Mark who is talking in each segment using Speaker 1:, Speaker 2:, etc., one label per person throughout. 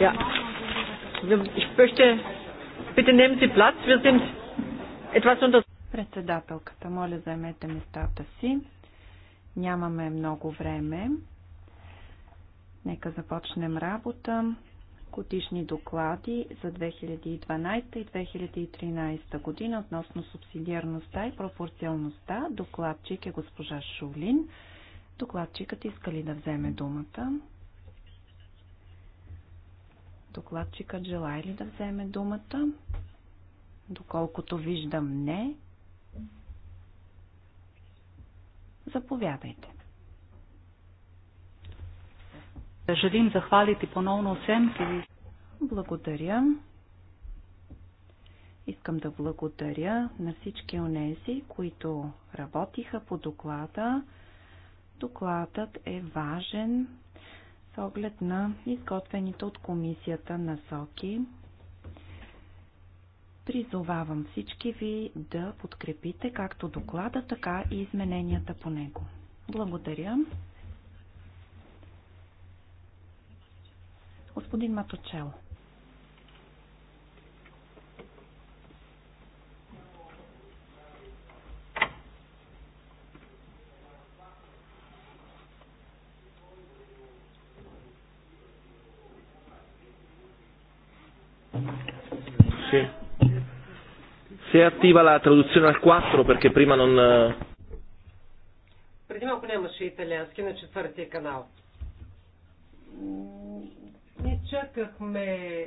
Speaker 1: Ja. Ich möchte, bitte nehmen Sie Platz, wir
Speaker 2: sind etwas unter... Председателката, моля заемете местата си. Нямаме много време. Нека започнем работа. Котишни доклади за 2012 и 2013 година относно субсидиарността и пропорционалността. Докладчик е госпожа Шулин. Докладчикът иска ли да вземе думата? Докладчикът желая ли да вземе думата? Доколкото виждам не. Заповядайте. Желим захвалити поновно всем, ки Благодаря. Искам да благодаря на всички онези, които работиха по доклада. Докладът е важен, с оглед на изготвените от комисията насоки. Призовавам всички ви да подкрепите както доклада, така и измененията по него. Благодаря. Господин Маточел.
Speaker 3: Sì. Se è attiva la traduzione al 4 perché prima non... Eh,
Speaker 1: Преди малко нямаше италиански на четвъртия канал. Ние чакахме...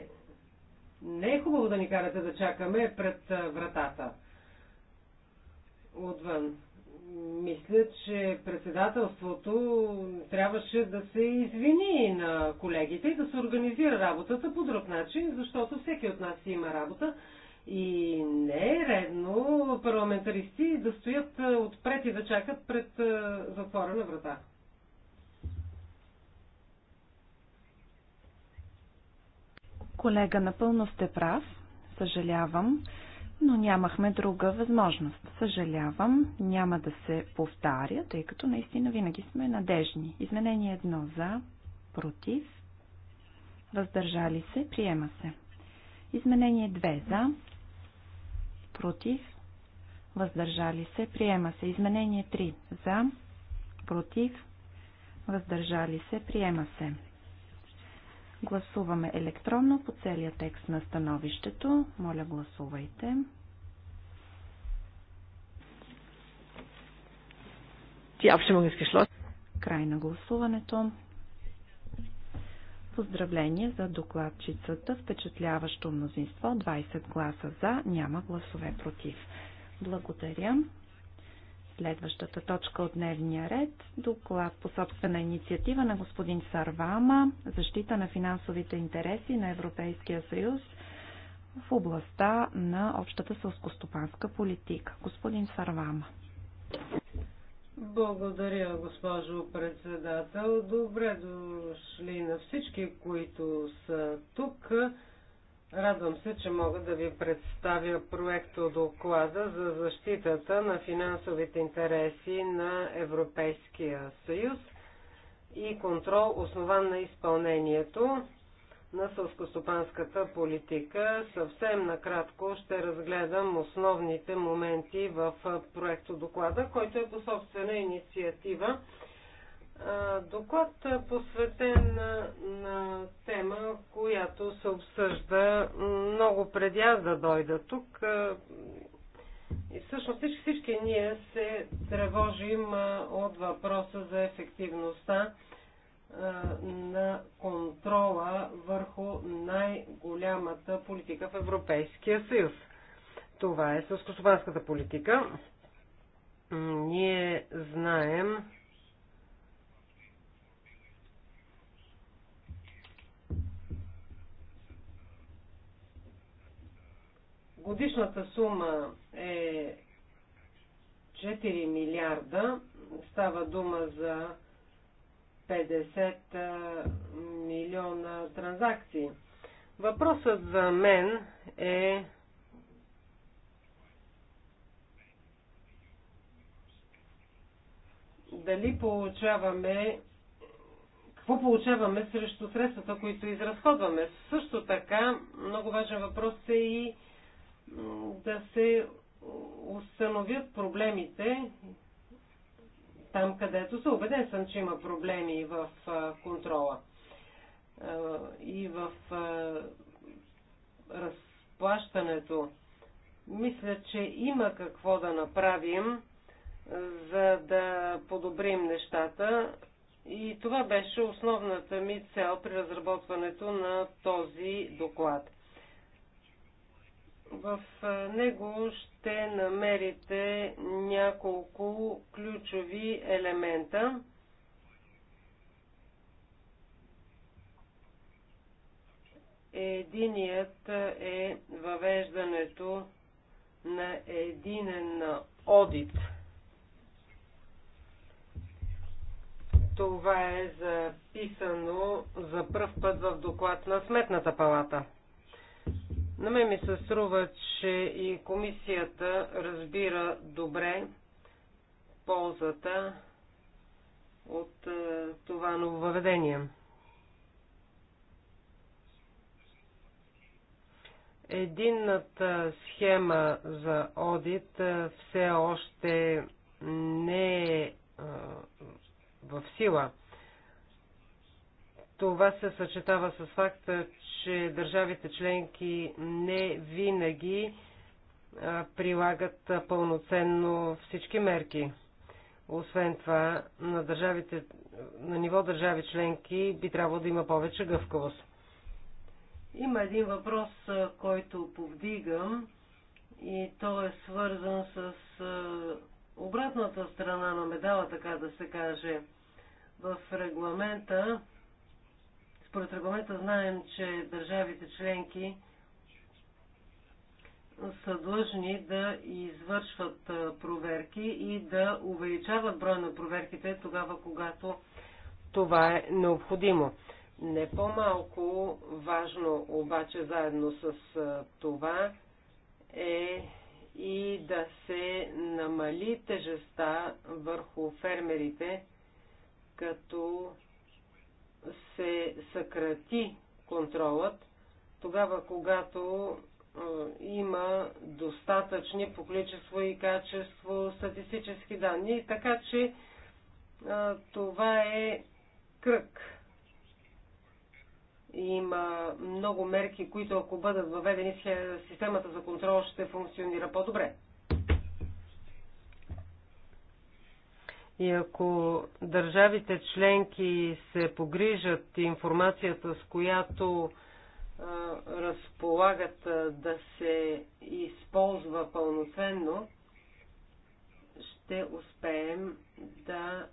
Speaker 1: Не е хубаво да ни карате да чакаме пред вратата. Отвън мисля, че председателството трябваше да се извини на колегите и да се организира работата по друг начин, защото всеки от нас има работа. И не е редно парламентаристи да стоят е, отпред и да чакат пред е, затворена врата.
Speaker 2: Колега, напълно сте прав. Съжалявам но нямахме друга възможност. Съжалявам, няма да се повтаря, тъй като наистина винаги сме надежни. Изменение едно за, против, въздържали се, приема се. Изменение 2 за, против, въздържали се, приема се. Изменение 3 за, против, въздържали се, приема се. Гласуваме електронно по целия текст на становището. Моля, гласувайте. Край на гласуването. Поздравление за докладчицата. Впечатляващо мнозинство. 20 гласа за, няма гласове против. Благодаря. Следващата точка от дневния ред – доклад по собствена инициатива на господин Сарвама «Защита на финансовите интереси на Европейския съюз» в областта на общата сълскостопанска политика. Господин Сарвама.
Speaker 1: Благодаря, госпожо председател. Добре дошли на всички, които са тук. Радвам се, че мога да ви представя проекто доклада за защитата на финансовите интереси на Европейския съюз и контрол, основан на изпълнението на сълскостопанската политика. Съвсем накратко ще разгледам основните моменти в проекто доклада, който е по собствена инициатива доклад посветен на, тема, която се обсъжда много преди аз да дойда тук. И всъщност всички, всички ние се тревожим от въпроса за ефективността на контрола върху най-голямата политика в Европейския съюз. Това е сълскостопанската политика. Ние знаем, Годишната сума е 4 милиарда. Става дума за 50 милиона транзакции. Въпросът за мен е дали получаваме какво получаваме срещу средствата, които изразходваме. Също така, много важен въпрос е и да се установят проблемите там, където се убеден съм, че има проблеми в контрола и в разплащането. Мисля, че има какво да направим, за да подобрим нещата. И това беше основната ми цел при разработването на този доклад. В него ще намерите няколко ключови елемента. Единият е въвеждането на единен одит. Това е записано за пръв път в доклад на Сметната палата. На мен ми се струва, че и комисията разбира добре ползата от е, това нововъведение. Единната схема за одит е, все още не е, е в сила – това се съчетава с факта, че държавите членки не винаги прилагат пълноценно всички мерки. Освен това, на, държавите, на ниво държави членки би трябвало да има повече гъвкавост. Има един въпрос, който повдигам и той е свързан с обратната страна на медала, така да се каже. В регламента според регламента знаем, че държавите членки са длъжни да извършват проверки и да увеличават броя на проверките тогава, когато това е необходимо. Не по-малко важно обаче заедно с това е и да се намали тежеста върху фермерите, като се съкрати контролът, тогава когато има достатъчни по количество и качество статистически данни. Така че това е кръг. Има много мерки, които ако бъдат въведени, системата за контрол ще функционира по-добре. И ако държавите членки се погрижат информацията, с която а, разполагат а, да се използва пълноценно, ще успеем да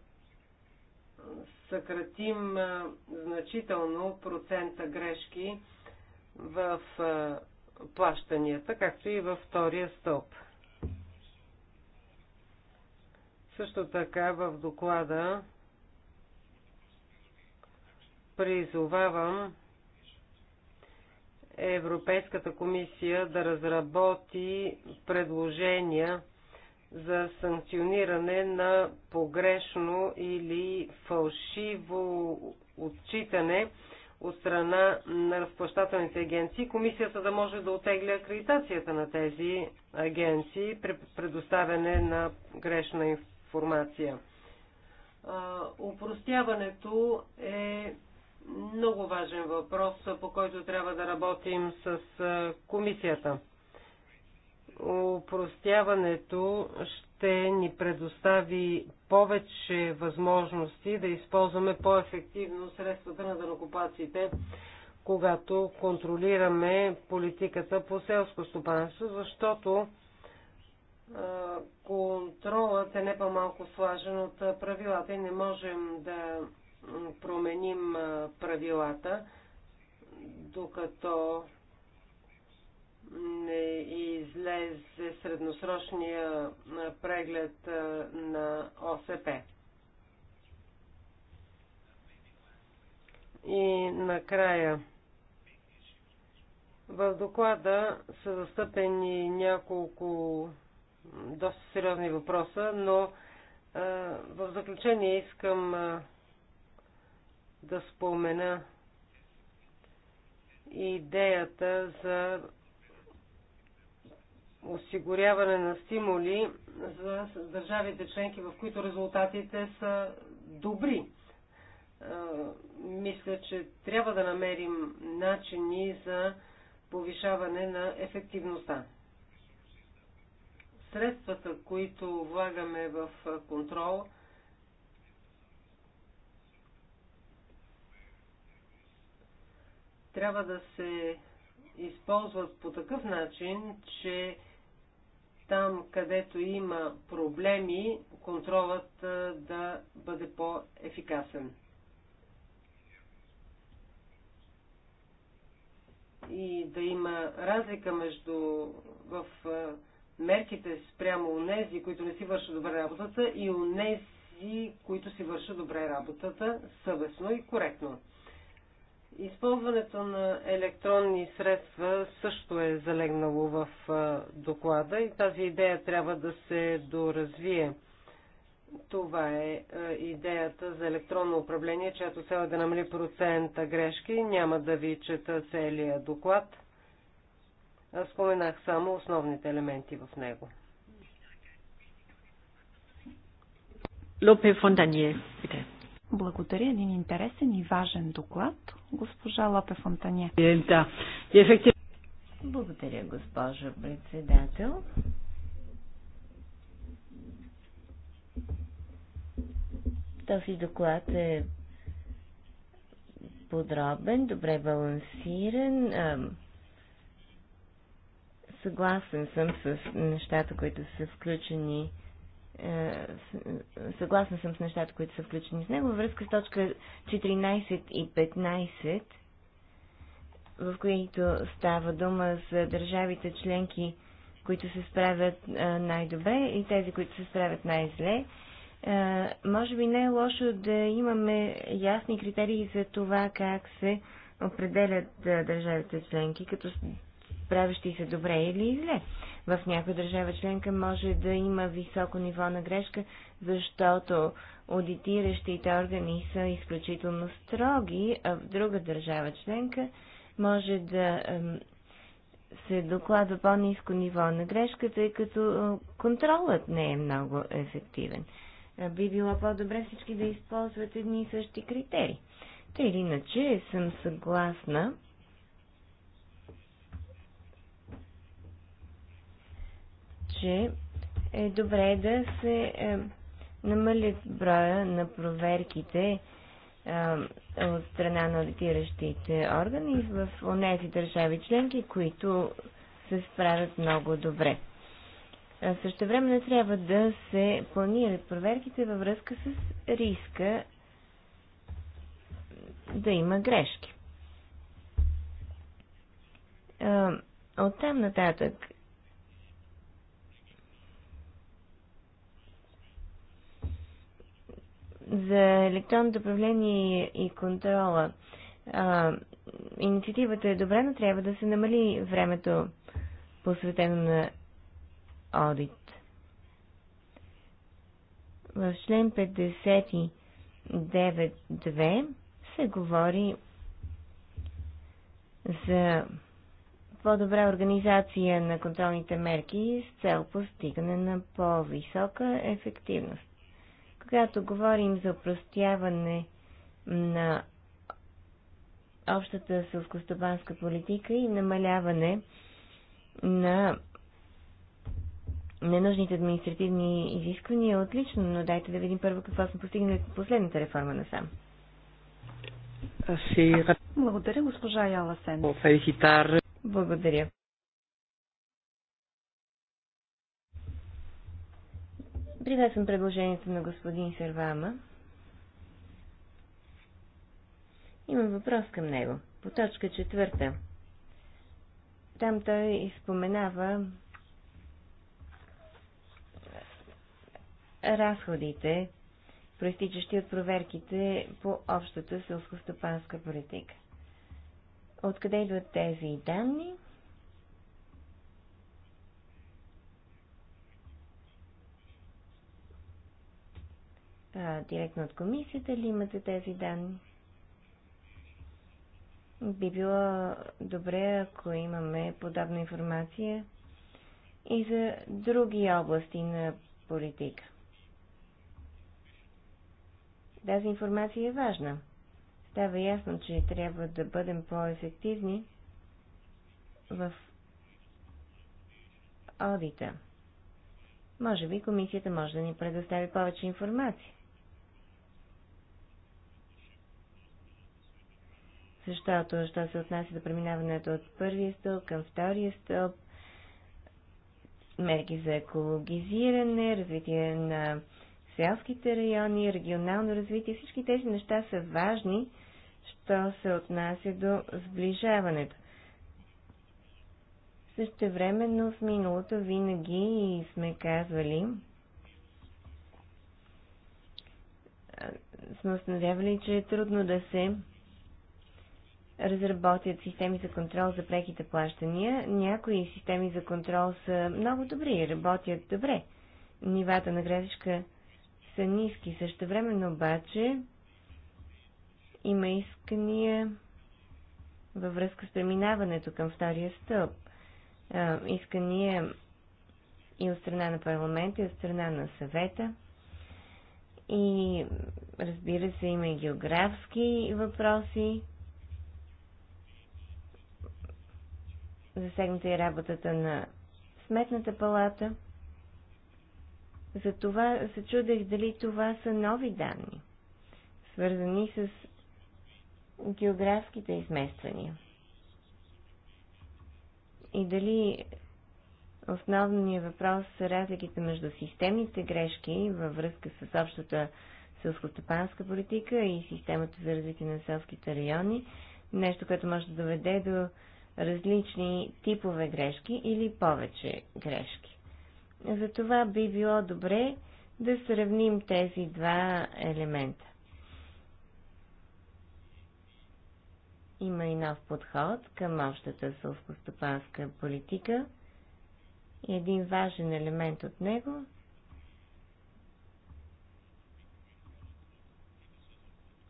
Speaker 1: съкратим а, значително процента грешки в плащанията, както и във втория стълб. Също така в доклада призовавам Европейската комисия да разработи предложения за санкциониране на погрешно или фалшиво отчитане от страна на разплащателните агенции, комисията да може да отегля акредитацията на тези агенции при предоставяне на грешна информация. А, упростяването е много важен въпрос, по който трябва да работим с комисията. Упростяването ще ни предостави повече възможности да използваме по-ефективно средствата на дънокопаците, когато контролираме политиката по селско стопанство, защото контролът е не по-малко слажен от правилата и не можем да променим правилата, докато не излезе средносрочния преглед на ОСП. И накрая. В доклада са застъпени няколко доста сериозни въпроса, но в заключение искам да спомена идеята за осигуряване на стимули за държавите членки, в които резултатите са добри. Мисля, че трябва да намерим начини за повишаване на ефективността средствата, които влагаме в контрол, трябва да се използват по такъв начин, че там, където има проблеми, контролът да бъде по-ефикасен. И да има разлика между в мерките спрямо нези, които не си вършат добре работата и нези, които си вършат добре работата съвестно и коректно. Използването на електронни средства също е залегнало в доклада и тази идея трябва да се доразвие. Това е идеята за електронно управление, чиято цел е да намали процента грешки. Няма да ви чета целия доклад. Споменах само основните елементи в него.
Speaker 2: Лопе Фонтанье, пите. Благодаря. Един интересен и важен доклад. Госпожа Лопе Фонтанье.
Speaker 1: Да.
Speaker 3: Благодаря, госпожа председател. Този доклад е подробен, добре балансиран Съгласен съм с нещата, които са включени. Е, съгласна съм с нещата, които са включени с него. Във връзка с точка 14 и 15, в които става дума за държавите членки, които се справят е, най-добре и тези, които се справят най-зле, е, може би не е лошо да имаме ясни критерии за това как се определят държавите членки, като справящи се добре или зле. В някоя държава членка може да има високо ниво на грешка, защото аудитиращите органи са изключително строги, а в друга държава членка може да се докладва по-низко ниво на грешка, тъй като контролът не е много ефективен. Би било по-добре всички да използват едни и същи критерии. Та или иначе съм съгласна че е добре да се е, намалят броя на проверките е, от страна на аудитиращите органи в тези държави членки, които се справят много добре. Е, Също време трябва да се планират проверките във връзка с риска да има грешки. Е, оттам нататък За електронното управление и контрола. А, инициативата е добра, но трябва да се намали времето посветено на одит. В член 59.2 се говори за по-добра организация на контролните мерки с цел постигане на по-висока ефективност. Когато говорим за простяване на общата селскостопанска политика и намаляване на ненужните административни изисквания, е отлично, но дайте да видим първо какво сме постигнали последната реформа на сам.
Speaker 2: Благодаря, госпожа Яласен. Благодаря.
Speaker 3: Приветствам предложението на господин Сервама. Имам въпрос към него. По точка четвърта. Там той изпоменава разходите, проистичащи от проверките по общата селскостопанска политика. Откъде идват тези данни? а, директно от комисията ли имате тези данни? Би било добре, ако имаме подобна информация и за други области на политика. Тази информация е важна. Става ясно, че трябва да бъдем по-ефективни в одита. Може би комисията може да ни предостави повече информация. защото, що се отнася до преминаването от първия стълб към втория стълб, мерки за екологизиране, развитие на селските райони, регионално развитие, всички тези неща са важни, що се отнася до сближаването. времено в миналото винаги сме казвали, сме установявали, че е трудно да се разработят системи за контрол за преките плащания. Някои системи за контрол са много добри и работят добре. Нивата на грешка са ниски. Също времено обаче има искания във връзка с преминаването към втория стълб. Искания и от страна на парламента, и от страна на съвета. И разбира се, има и географски въпроси засегната и работата на Сметната палата. Затова се чудех дали това са нови данни, свързани с географските измествания. И дали основният въпрос са разликите между системните грешки във връзка с общата селскостопанска политика и системата за развитие на селските райони, нещо, което може да доведе до различни типове грешки или повече грешки. Затова би било добре да сравним тези два елемента. Има и нов подход към общата сълскостопанска политика. Един важен елемент от него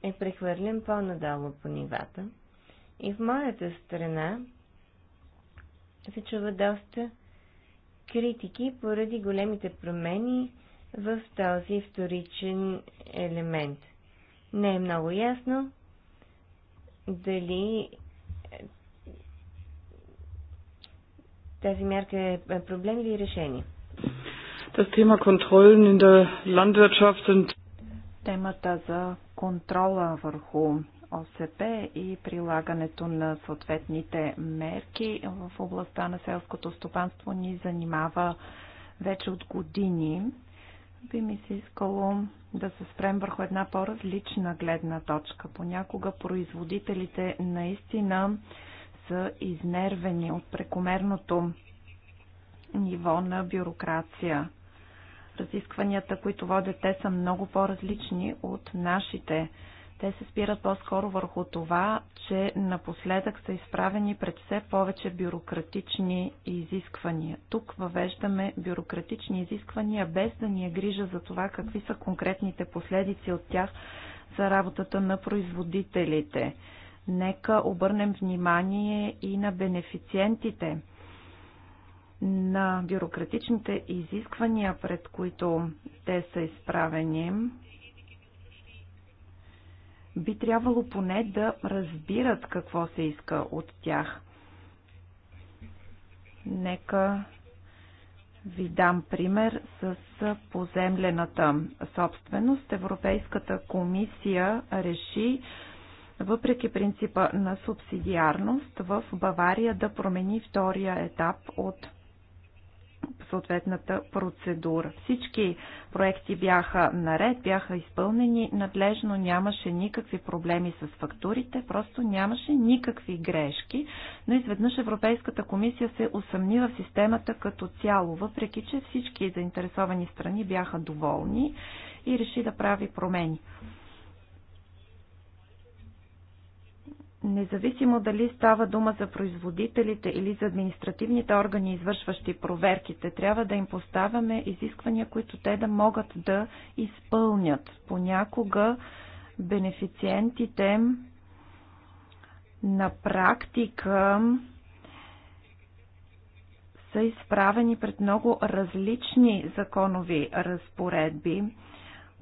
Speaker 3: е прехвърлен по-надолу по нивата. И в моята страна се чува доста критики поради големите промени в този вторичен елемент. Не е много ясно дали е, тази мярка е, е проблем или решение.
Speaker 2: Темата за контрола върху ОСП и прилагането на съответните мерки в областта на селското стопанство ни занимава вече от години. Би ми се искало да се спрем върху една по-различна гледна точка. Понякога производителите наистина са изнервени от прекомерното ниво на бюрокрация. Разискванията, които водят те, са много по-различни от нашите те се спират по-скоро върху това, че напоследък са изправени пред все повече бюрократични изисквания. Тук въвеждаме бюрократични изисквания без да ни е грижа за това какви са конкретните последици от тях за работата на производителите. Нека обърнем внимание и на бенефициентите на бюрократичните изисквания, пред които те са изправени би трябвало поне да разбират какво се иска от тях. Нека ви дам пример с поземлената собственост. Европейската комисия реши, въпреки принципа на субсидиарност, в Бавария да промени втория етап от съответната процедура. Всички проекти бяха наред, бяха изпълнени надлежно, нямаше никакви проблеми с фактурите, просто нямаше никакви грешки, но изведнъж Европейската комисия се усъмни в системата като цяло, въпреки че всички заинтересовани страни бяха доволни и реши да прави промени. Независимо дали става дума за производителите или за административните органи, извършващи проверките, трябва да им поставяме изисквания, които те да могат да изпълнят. Понякога бенефициентите на практика са изправени пред много различни законови разпоредби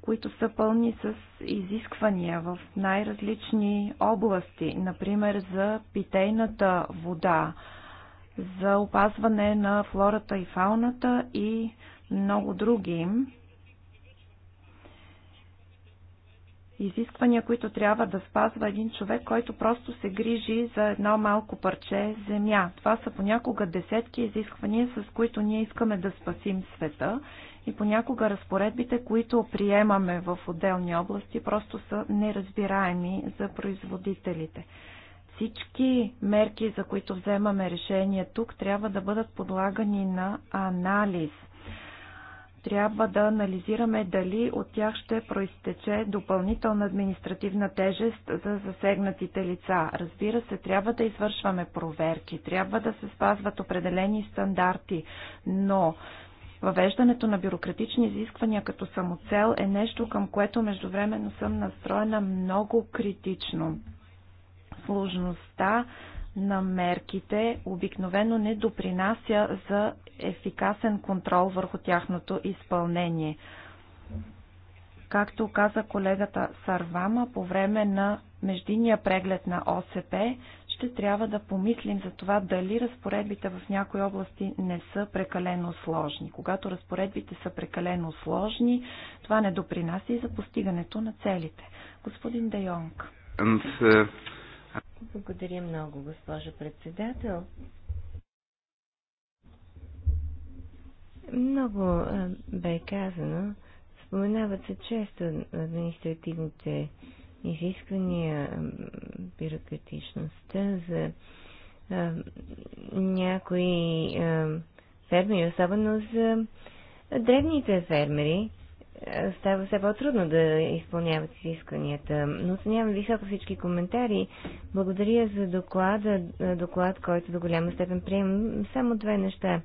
Speaker 2: които са пълни с изисквания в най-различни области, например за питейната вода, за опазване на флората и фауната и много други. Изисквания, които трябва да спазва един човек, който просто се грижи за едно малко парче земя. Това са понякога десетки изисквания, с които ние искаме да спасим света и понякога разпоредбите, които приемаме в отделни области, просто са неразбираеми за производителите. Всички мерки, за които вземаме решение тук, трябва да бъдат подлагани на анализ трябва да анализираме дали от тях ще проистече допълнителна административна тежест за засегнатите лица. Разбира се, трябва да извършваме проверки, трябва да се спазват определени стандарти, но Въвеждането на бюрократични изисквания като самоцел е нещо, към което междувременно съм настроена много критично. Сложността на мерките обикновено не допринася за ефикасен контрол върху тяхното изпълнение. Както каза колегата Сарвама, по време на междинния преглед на ОСП ще трябва да помислим за това дали разпоредбите в някои области не са прекалено сложни. Когато разпоредбите са прекалено сложни, това не допринася и за постигането на целите. Господин Де Йонг.
Speaker 1: Е,
Speaker 2: Благодаря много, госпожа
Speaker 3: председател. Много е, бе казано. Споменават се често административните изисквания, бюрократичността за а, някои а, фермери, особено за древните фермери, става все по-трудно да изпълняват изискванията. Но оценявам високо всички коментари. Благодаря за доклада, доклад, който до голяма степен приемам. Само две неща.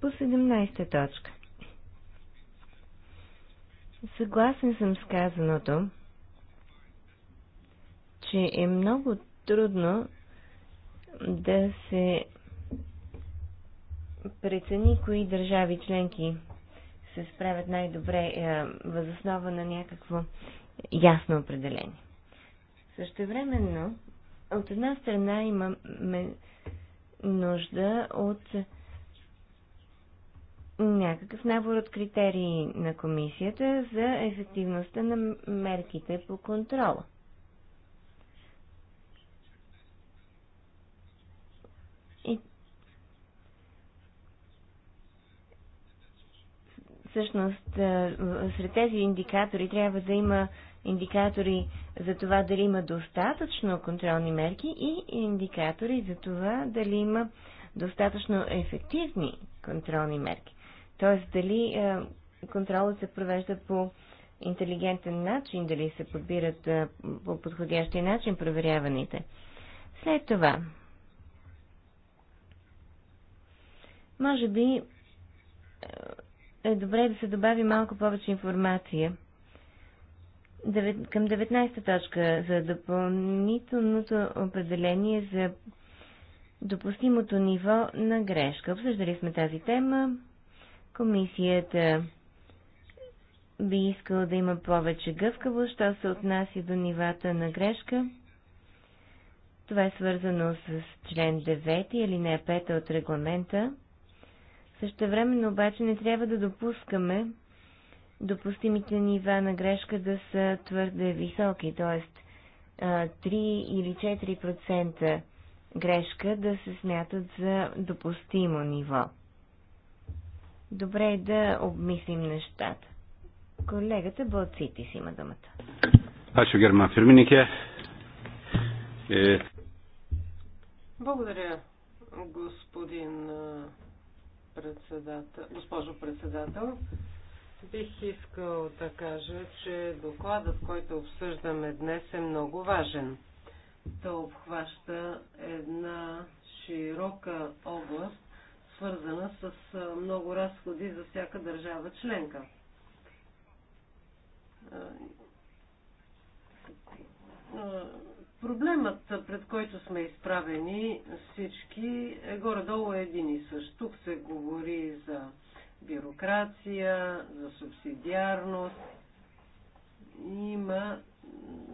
Speaker 3: По 17 та точка. Съгласен съм с казаното че е много трудно да се прецени кои държави членки се справят най-добре е, въз възоснова на някакво ясно определение. Също времено от една страна имаме нужда от някакъв набор от критерии на комисията за ефективността на мерките по контрола. Всъщност, е, сред тези индикатори трябва да има индикатори за това дали има достатъчно контролни мерки и индикатори за това дали има достатъчно ефективни контролни мерки. Тоест, дали е, контролът се провежда по интелигентен начин, дали се подбират е, по подходящия начин проверяваните. След това, може би е добре да се добави малко повече информация. Към 19 та точка за допълнителното определение за допустимото ниво на грешка. Обсъждали сме тази тема. Комисията би искала да има повече гъвкаво, що се отнася до нивата на грешка. Това е свързано с член 9 или не 5 от регламента. Същевременно обаче не трябва да допускаме допустимите нива на грешка да са твърде високи, т.е. 3 или 4% грешка да се смятат за допустимо ниво. Добре е да обмислим нещата. Колегата Балцитис има думата.
Speaker 1: Ашо Герман Фирминике. Благодаря, господин председател, госпожо председател. Бих искал да кажа, че докладът, който обсъждаме днес е много важен. Той обхваща една широка област, свързана с много разходи за всяка държава членка. Проблемът, пред който сме изправени всички, е горе-долу един и същ. Тук се говори за бюрокрация, за субсидиарност. Има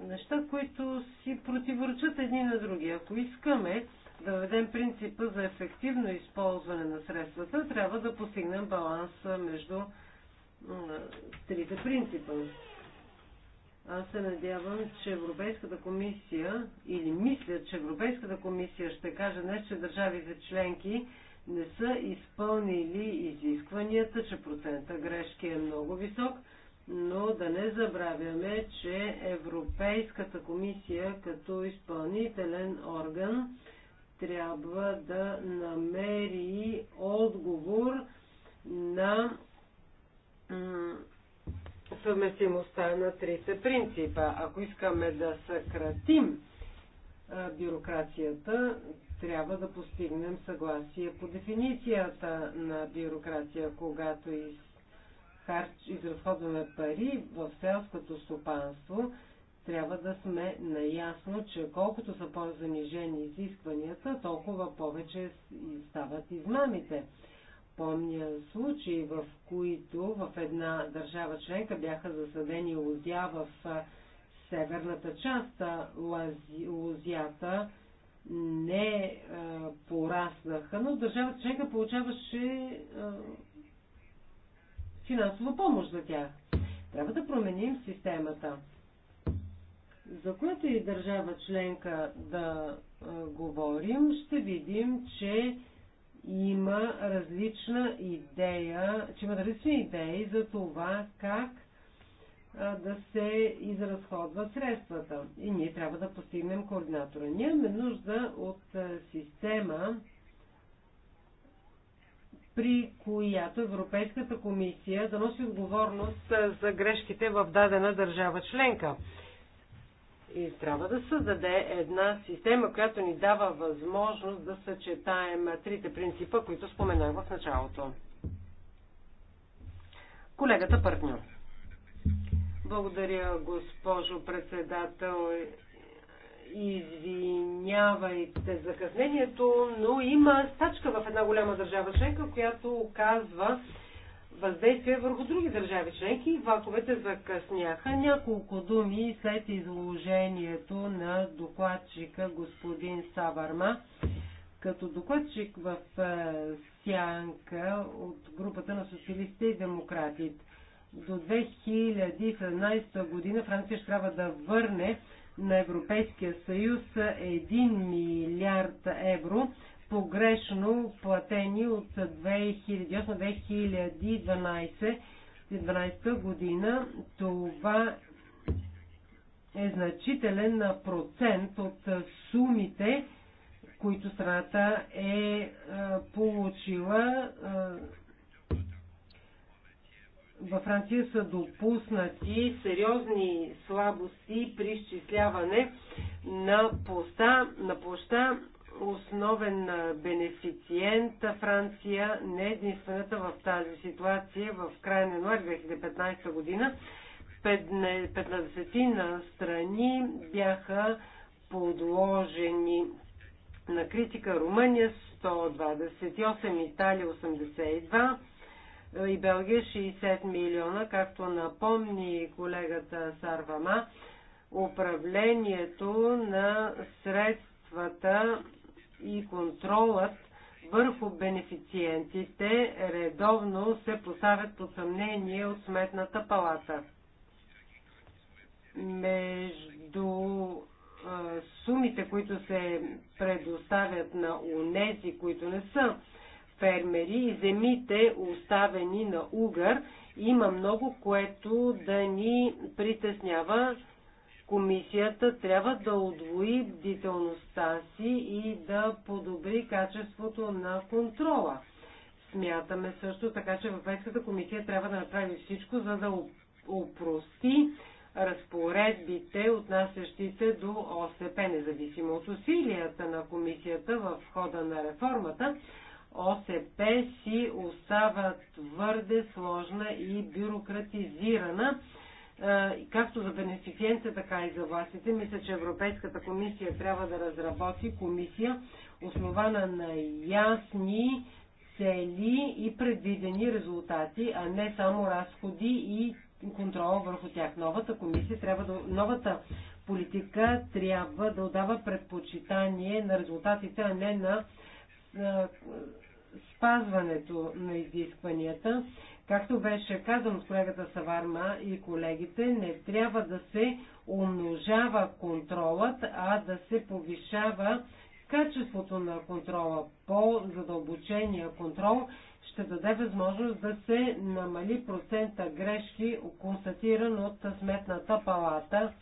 Speaker 1: неща, които си противоречат едни на други. Ако искаме да ведем принципа за ефективно използване на средствата, трябва да постигнем баланса между трите принципа. Аз се надявам, че Европейската комисия, или мисля, че Европейската комисия ще каже днес, че държавите членки не са изпълнили изискванията, че процента грешки е много висок, но да не забравяме, че Европейската комисия като изпълнителен орган трябва да намери отговор на съвместимостта на трите принципа. Ако искаме да съкратим бюрокрацията, трябва да постигнем съгласие по дефиницията на бюрокрация, когато изразходваме пари в селското стопанство, трябва да сме наясно, че колкото са по-занижени изискванията, толкова повече стават измамите помня случаи, в които в една държава членка бяха засадени лузя в северната част. Лузята не пораснаха, но държавата членка получаваше финансова помощ за тях. Трябва да променим системата, за която и държава членка да говорим, ще видим, че има различна идея, че има различни идеи за това как да се изразходват средствата. И ние трябва да постигнем координатора. Ние имаме нужда от система, при която Европейската комисия да носи отговорност за грешките в дадена държава членка. И трябва да създаде една система, която ни дава възможност да съчетаем трите принципа, които споменах в началото. Колегата Пъртню. Благодаря, госпожо председател. Извинявайте закъснението, но има стачка в една голяма държава шенка, която казва въздействие върху други държави членки и влаковете закъсняха. Няколко думи след изложението на докладчика господин Саварма. Като докладчик в е, сянка от групата на социалистите и демократите. До 2017 година Франция ще трябва да върне на Европейския съюз 1 милиард евро погрешно платени от 2008-2012 година. Това е значителен процент от сумите, които страната е, е получила. Е, във Франция са допуснати сериозни слабости при изчисляване на площа, на площа основен бенефициент. Франция не е единствената в тази ситуация. В края на януари 2015 година 15 на страни бяха подложени на критика Румъния 128, Италия 82 и Белгия 60 милиона, както напомни колегата Сарвама. Управлението на средствата и контролът върху бенефициентите редовно се поставят по съмнение от Сметната палата. Между сумите, които се предоставят на унези, които не са фермери и земите оставени на угър, има много, което да ни притеснява. Комисията трябва да удвои бдителността си и да подобри качеството на контрола. Смятаме също така, че Европейската комисия трябва да направи всичко, за да опрости разпоредбите, отнасящи се до ОСП, независимо от усилията на комисията в хода на реформата. ОСП си остава твърде сложна и бюрократизирана е, както за бенефициентите, така и за властите. Мисля, че Европейската комисия трябва да разработи комисия, основана на ясни цели и предвидени резултати, а не само разходи и контрол върху тях. Новата комисия трябва да, новата политика трябва да отдава предпочитание на резултатите, а не на е, спазването на изискванията Както беше казано от колегата Саварма и колегите, не трябва да се умножава контролът, а да се повишава качеството на контрола. По-задълбочения контрол ще даде възможност да се намали процента грешки, констатиран от Сметната палата.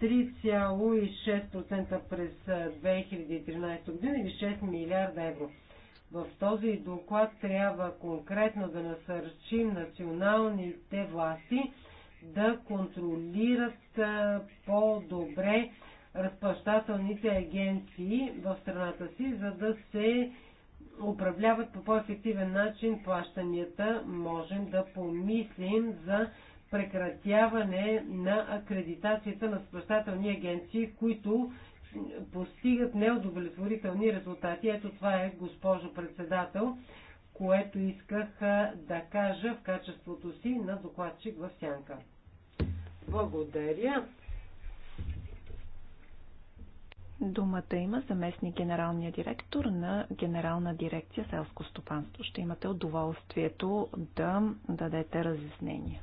Speaker 1: 3,6% през 2013 година или 6 милиарда евро. В този доклад трябва конкретно да насърчим националните власти да контролират по-добре разплащателните агенции в страната си, за да се управляват по по-ефективен начин плащанията. Можем да помислим за прекратяване на акредитацията на разплащателни агенции, които постигат неудовлетворителни резултати. Ето това е, госпожо председател, което исках да кажа в качеството си на докладчик в Сянка. Благодаря.
Speaker 2: Думата има заместник генералния директор на Генерална дирекция селско стопанство. Ще имате удоволствието да дадете разяснение.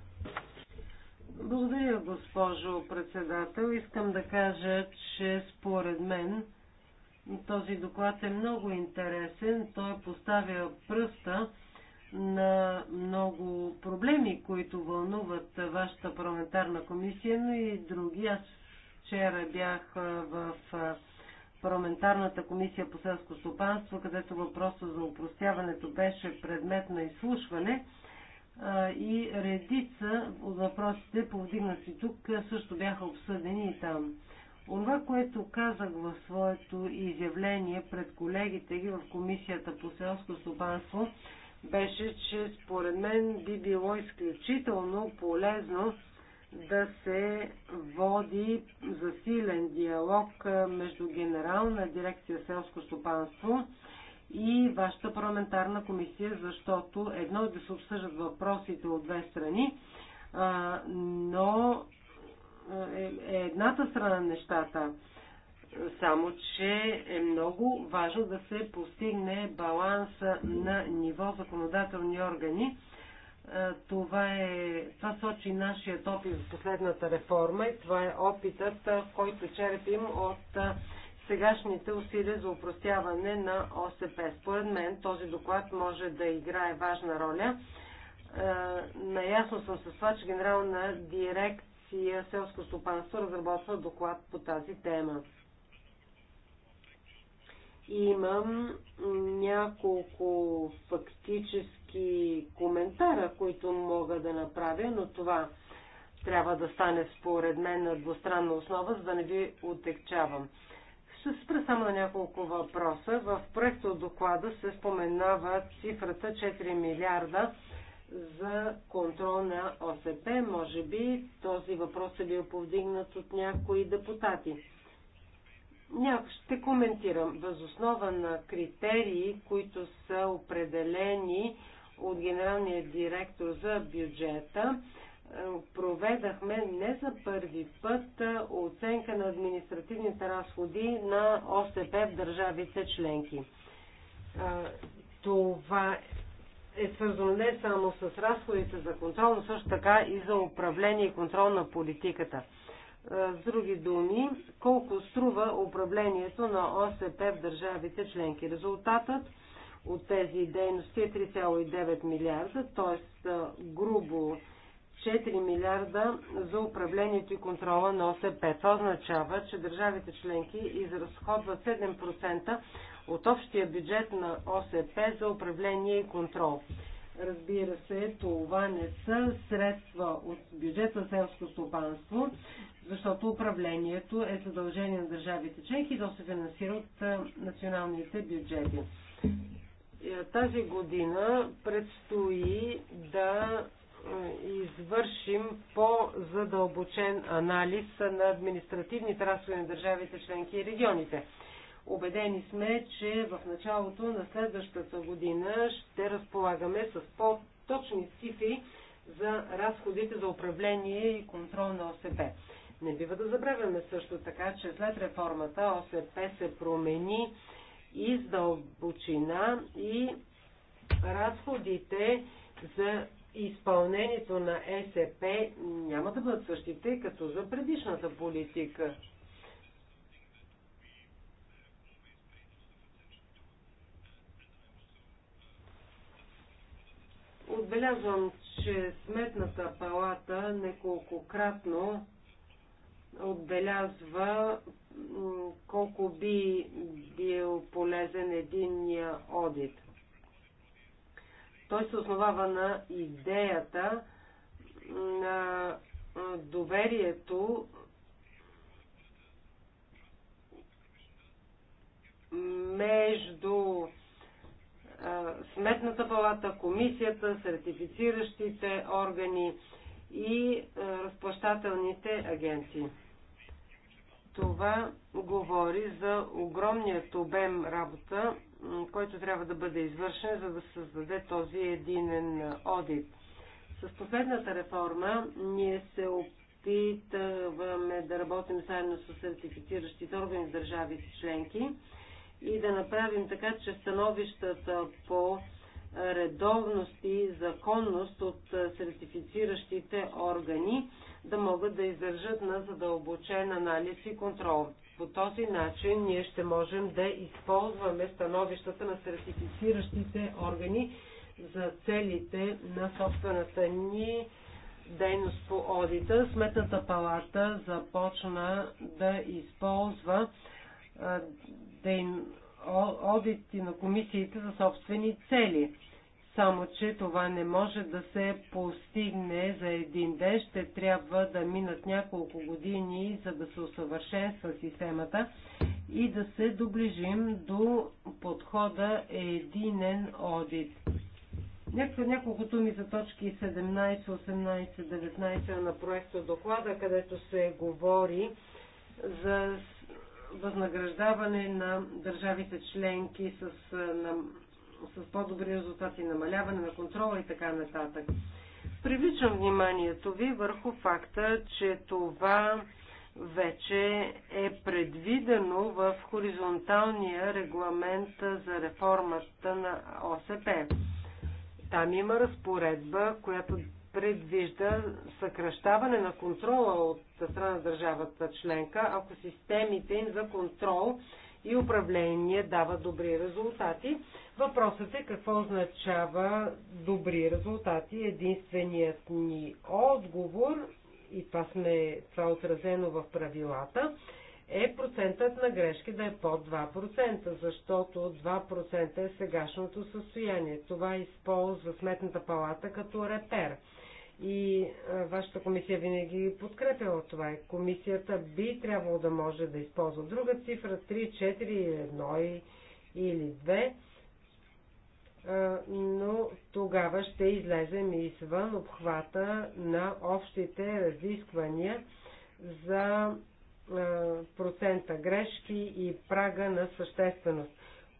Speaker 1: Благодаря, госпожо председател. Искам да кажа, че според мен този доклад е много интересен. Той поставя пръста на много проблеми, които вълнуват вашата парламентарна комисия, но и други. Аз вчера бях в парламентарната комисия по селско стопанство, където въпроса за упростяването беше предмет на изслушване и редица от въпросите, повдигнати тук, също бяха обсъдени и там. Онова, което казах в своето изявление пред колегите ги в Комисията по селско стопанство, беше, че според мен би било изключително полезно да се води засилен диалог между Генерална дирекция селско стопанство и вашата парламентарна комисия, защото едно е да се обсъждат въпросите от две страни, но е, е едната страна на нещата. Само, че е много важно да се постигне баланса на ниво законодателни органи. Това, е, това сочи нашият опит в последната реформа и това е опитът, който черпим от сегашните усилия за упростяване на ОСП. Според мен този доклад може да играе важна роля. Е, наясно съм с това, че Генерална дирекция селско стопанство разработва доклад по тази тема. имам няколко фактически коментара, които мога да направя, но това трябва да стане според мен на двустранна основа, за да не ви отекчавам се спра само на няколко въпроса. В проекта от доклада се споменава цифрата 4 милиарда за контрол на ОСП. Може би този въпрос е бил повдигнат от някои депутати. Няко ще коментирам. Възоснова на критерии, които са определени от генералния директор за бюджета, е, проведахме не за първи път оценка на административните разходи на ОСП в държавите членки. Е, това е свързано не само с разходите за контрол, но също така и за управление и контрол на политиката. Е, с други думи, колко струва управлението на ОСП в държавите членки. Резултатът от тези дейности е 3,9 милиарда, т.е. грубо 4 милиарда за управлението и контрола на ОСП. Това означава, че държавите членки изразходват 7% от общия бюджет на ОСП за управление и контрол. Разбира се, това не са средства от бюджета селско стопанство, защото управлението е задължение на държавите членки и то се финансира от националните бюджети. Е, тази година предстои да извършим по-задълбочен анализ на административните разходи на държавите членки и регионите. Обедени сме, че в началото на следващата година ще разполагаме с по-точни цифри за разходите за управление и контрол на ОСП. Не бива да забравяме също така, че след реформата ОСП се промени и с дълбочина и разходите за изпълнението на СП няма да бъдат същите, като за предишната политика. Отбелязвам, че Сметната палата неколкократно отбелязва колко би бил полезен единния одит – той се основава на идеята на доверието между Сметната палата, комисията, сертифициращите органи и разплащателните агенции. Това говори за огромният обем работа, който трябва да бъде извършен, за да създаде този единен одит. С последната реформа ние се опитваме да работим заедно с сертифициращите органи в държавите членки и да направим така, че становищата по редовност и законност от сертифициращите органи да могат да издържат на задълбочен анализ и контрол. По този начин ние ще можем да използваме становищата на сертифициращите органи за целите на собствената ни дейност по одита. Сметната палата започна да използва одити на комисиите за собствени цели. Само, че това не може да се постигне за един ден. Ще трябва да минат няколко години, за да се усъвършенства системата и да се доближим до подхода единен одит. Някакво, няколко думи за точки 17, 18, 19 на проекта доклада, където се говори за възнаграждаване на държавите членки с на с по-добри резултати, намаляване на контрола и така нататък. Привличам вниманието ви върху факта, че това вече е предвидено в хоризонталния регламент за реформата на ОСП. Там има разпоредба, която предвижда съкръщаване на контрола от страна на държавата членка, ако системите им за контрол и управление дава добри резултати. Въпросът е какво означава добри резултати. Единственият ни отговор, и това, сме, това е отразено в правилата, е процентът на грешки да е под 2%, защото 2% е сегашното състояние. Това използва сметната палата като репер и вашата комисия винаги подкрепяла това. Комисията би трябвало да може да използва друга цифра, 3, 4 1 или 2, но тогава ще излезем извън обхвата на общите разисквания за процента грешки и прага на същественост.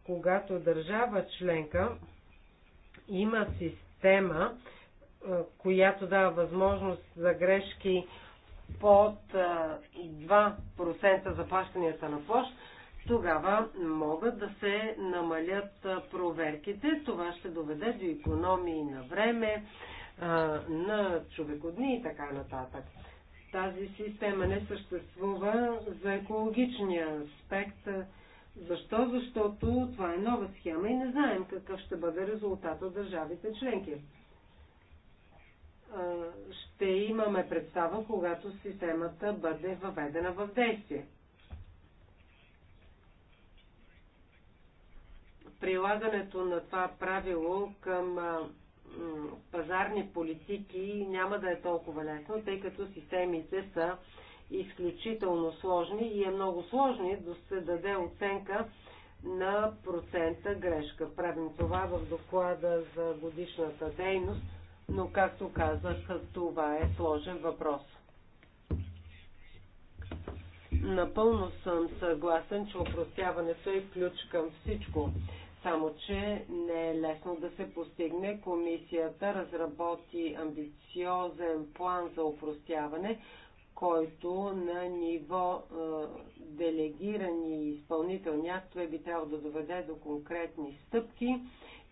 Speaker 1: Когато държава членка има система, която дава възможност за грешки под 2% за плащанията на площ, тогава могат да се намалят проверките. Това ще доведе до економии на време, на човекодни и така нататък. Тази система не съществува за екологичния аспект. Защо? Защото това е нова схема и не знаем какъв ще бъде резултат от държавите членки ще имаме представа, когато системата бъде въведена в действие. Прилагането на това правило към пазарни политики няма да е толкова лесно, тъй като системите са изключително сложни и е много сложно да се даде оценка на процента грешка. Правим това в доклада за годишната дейност но както казах, това е сложен въпрос. Напълно съм съгласен, че опростяването е ключ към всичко. Само, че не е лесно да се постигне. Комисията разработи амбициозен план за опростяване, който на ниво е, делегирани и изпълнителни актове би трябвало да доведе до конкретни стъпки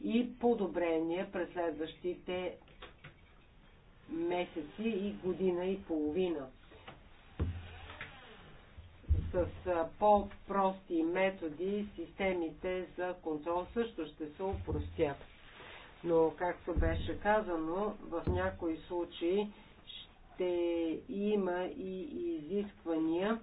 Speaker 1: и подобрение през следващите месеци и година и половина. С по-прости методи системите за контрол също ще се упростят. Но, както беше казано, в някои случаи ще има и изисквания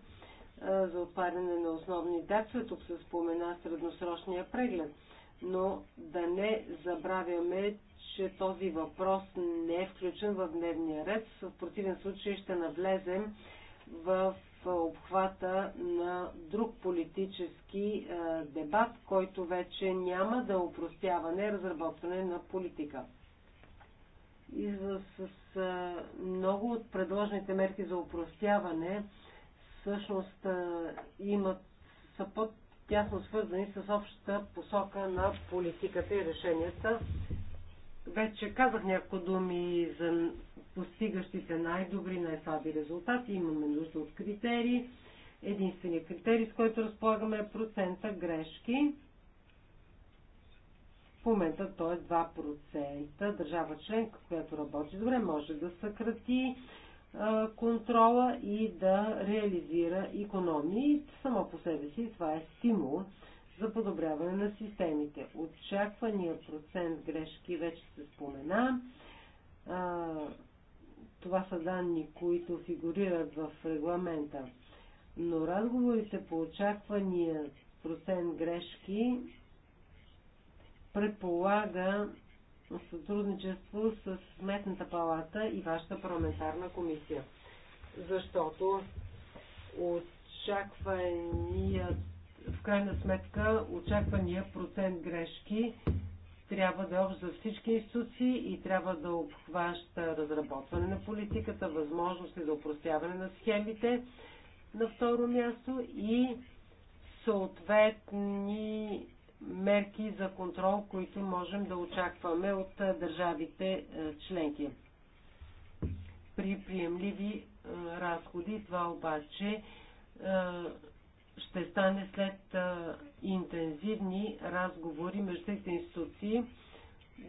Speaker 1: за отпадане на основни дати. Тук се спомена средносрочния преглед. Но да не забравяме, че този въпрос не е включен в дневния ред. В противен случай ще навлезем в обхвата на друг политически е, дебат, който вече няма да упростява разработване на политика. И с е, много от предложените мерки за упростяване всъщност е, имат, са под тясно свързани с общата посока на политиката и решенията. Вече казах някои думи за постигащите най-добри, най-слаби резултати. Имаме нужда от критерии. Единственият критерий, с който разполагаме е процента грешки. В момента то е 2%. Държава членка, която работи добре, може да съкрати контрола и да реализира економии. Само по себе си това е стимул за подобряване на системите. Очаквания процент грешки вече се спомена. А, това са данни, които фигурират в регламента. Но разговорите по очаквания процент грешки предполага сътрудничество с Сметната палата и вашата парламентарна комисия. Защото очакваният в крайна сметка очаквания процент грешки трябва да е общ за всички институции и трябва да обхваща разработване на политиката, възможности за упростяване на схемите на второ място и съответни мерки за контрол, които можем да очакваме от държавите членки. При приемливи разходи това обаче ще стане след а, интензивни разговори между трите институции.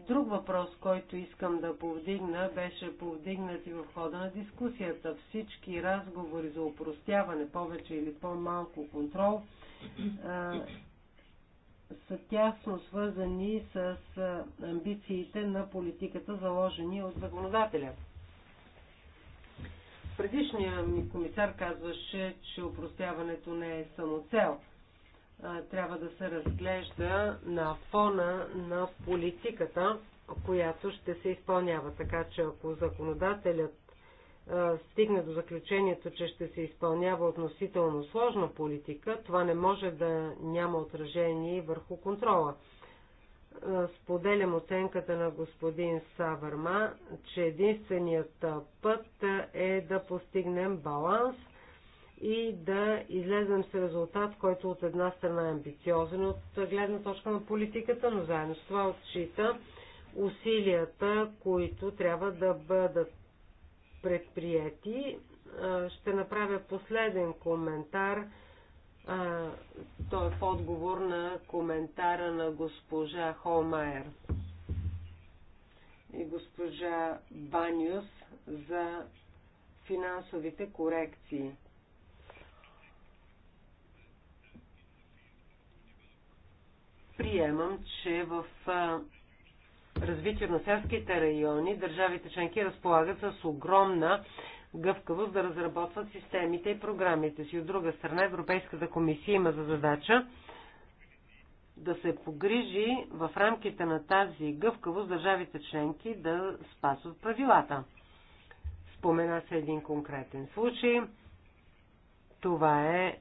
Speaker 1: Друг въпрос, който искам да повдигна, беше повдигнат и в хода на дискусията. Всички разговори за упростяване, повече или по-малко контрол, а, са тясно свързани с амбициите на политиката, заложени от законодателя. Предишният ми комисар казваше, че упростяването не е само цел. Трябва да се разглежда на фона на политиката, която ще се изпълнява. Така че ако законодателят стигне до заключението, че ще се изпълнява относително сложна политика, това не може да няма отражение върху контрола. Е, споделям оценката на господин Савърма, че единственият път е да постигнем баланс и да излезем с резултат, който от една страна е амбициозен от гледна точка на политиката, но заедно с това отчита усилията, които трябва да бъдат предприяти. Е, ще направя последен коментар – то той е в отговор на коментара на госпожа Холмайер и госпожа Баниус за финансовите корекции. Приемам, че в развитие на селските райони държавите членки разполагат с огромна гъвкавост да разработват системите и програмите си. От друга страна, Европейската комисия има за задача да се погрижи в рамките на тази гъвкавост държавите членки да спасват правилата. Спомена се един конкретен случай. Това е, е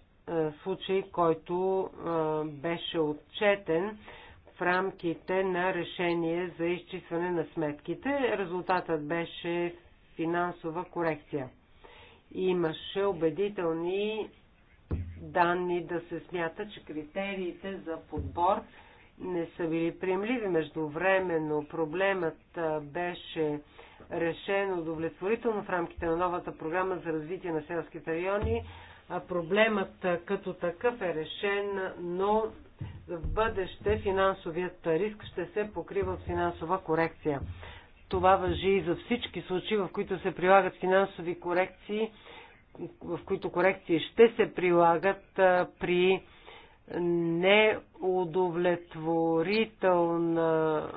Speaker 1: случай, който е, беше отчетен в рамките на решение за изчистване на сметките. Резултатът беше финансова корекция. Имаше убедителни данни да се смята, че критериите за подбор не са били приемливи. Междувременно проблемът беше решен удовлетворително в рамките на новата програма за развитие на селските райони. Проблемът като такъв е решен, но в бъдеще финансовият риск ще се покрива от финансова корекция. Това въжи и за всички случаи, в които се прилагат финансови корекции, в които корекции ще се прилагат при неудовлетворителна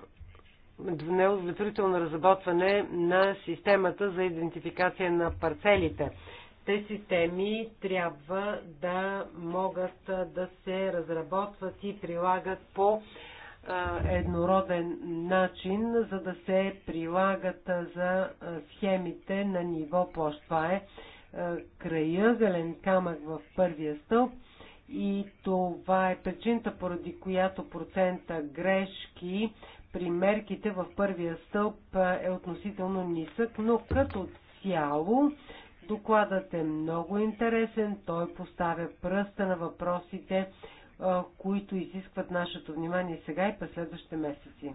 Speaker 1: неудовлетворително разработване на системата за идентификация на парцелите. Те системи трябва да могат да се разработват и прилагат по еднороден начин, за да се прилагат за схемите на ниво площ. Това е края зелен камък в първия стълб и това е причината, поради която процента грешки при мерките в първия стълб е относително нисък, но като цяло докладът е много интересен, той поставя пръста на въпросите, които изискват нашето внимание сега и през следващите месеци.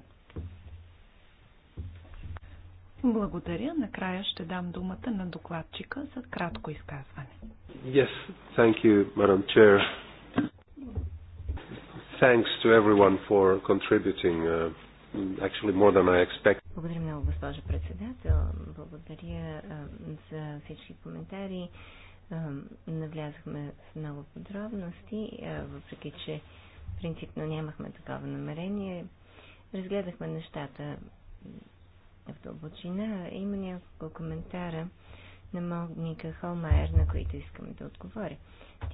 Speaker 2: Благодаря. Накрая ще дам думата на докладчика за кратко изказване.
Speaker 1: Yes, thank you, Madam Chair. Thanks to everyone for contributing uh, actually more than I expect.
Speaker 3: Благодаря много, госпожа председател. Благодаря uh, за всички коментари. Uh, навлязахме в много подробности, въпреки че принципно нямахме такова намерение. Разгледахме нещата в дълбочина. Има няколко коментара на Могника Холмайер, на които искам да отговоря.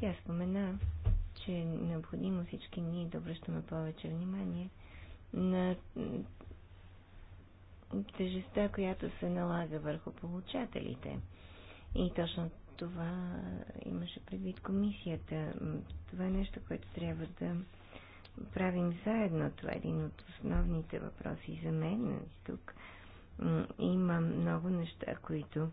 Speaker 3: Тя спомена, че е необходимо всички ние да обръщаме повече внимание на тежестта, която се налага върху получателите. И точно това имаше предвид комисията. Това е нещо, което трябва да правим заедно. Това е един от основните въпроси за мен. Тук има много неща, които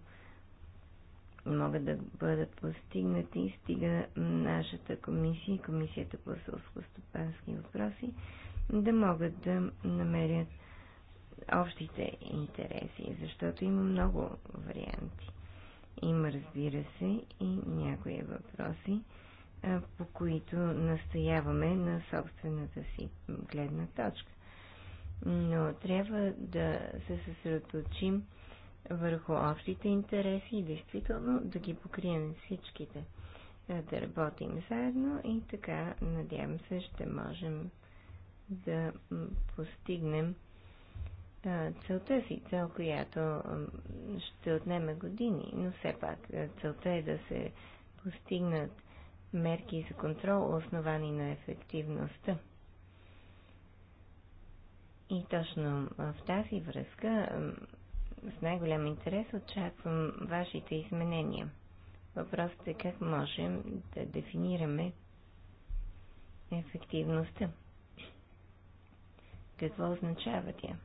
Speaker 3: могат да бъдат постигнати и стига нашата комисия и комисията по сълско-стопански въпроси да могат да намерят общите интереси, защото има много варианти. Има, разбира се, и някои въпроси, по които настояваме на собствената си гледна точка. Но трябва да се съсредоточим върху общите интереси и действително да ги покрием всичките, да работим заедно и така, надявам се, ще можем да постигнем целта си, цел, която ще отнеме години, но все пак целта е да се постигнат мерки за контрол, основани на ефективността. И точно в тази връзка с най-голям интерес очаквам вашите изменения. Въпросът е как можем да дефинираме ефективността. Какво означава тя?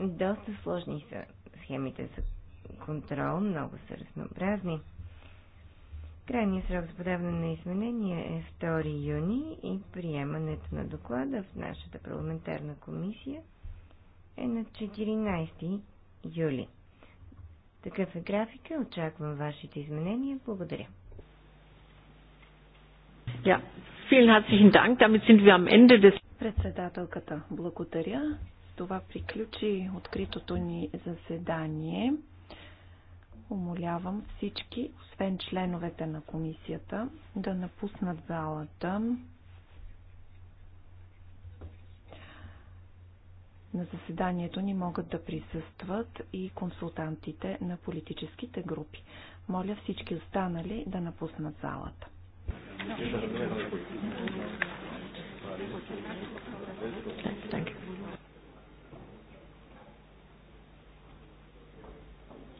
Speaker 3: Доста сложни са схемите за контрол, много са разнообразни. Крайният срок за подаване на изменения е 2 юни и приемането на доклада в нашата парламентарна комисия е на 14 юли. Такъв е графика, очаквам вашите изменения.
Speaker 2: Благодаря. Yeah. vielen herzlichen Dank. Damit sind wir am Ende des Председателката, благодаря това приключи откритото ни заседание. Умолявам всички, освен членовете на комисията, да напуснат залата. На заседанието ни могат да присъстват и консултантите на политическите групи. Моля всички останали да напуснат залата.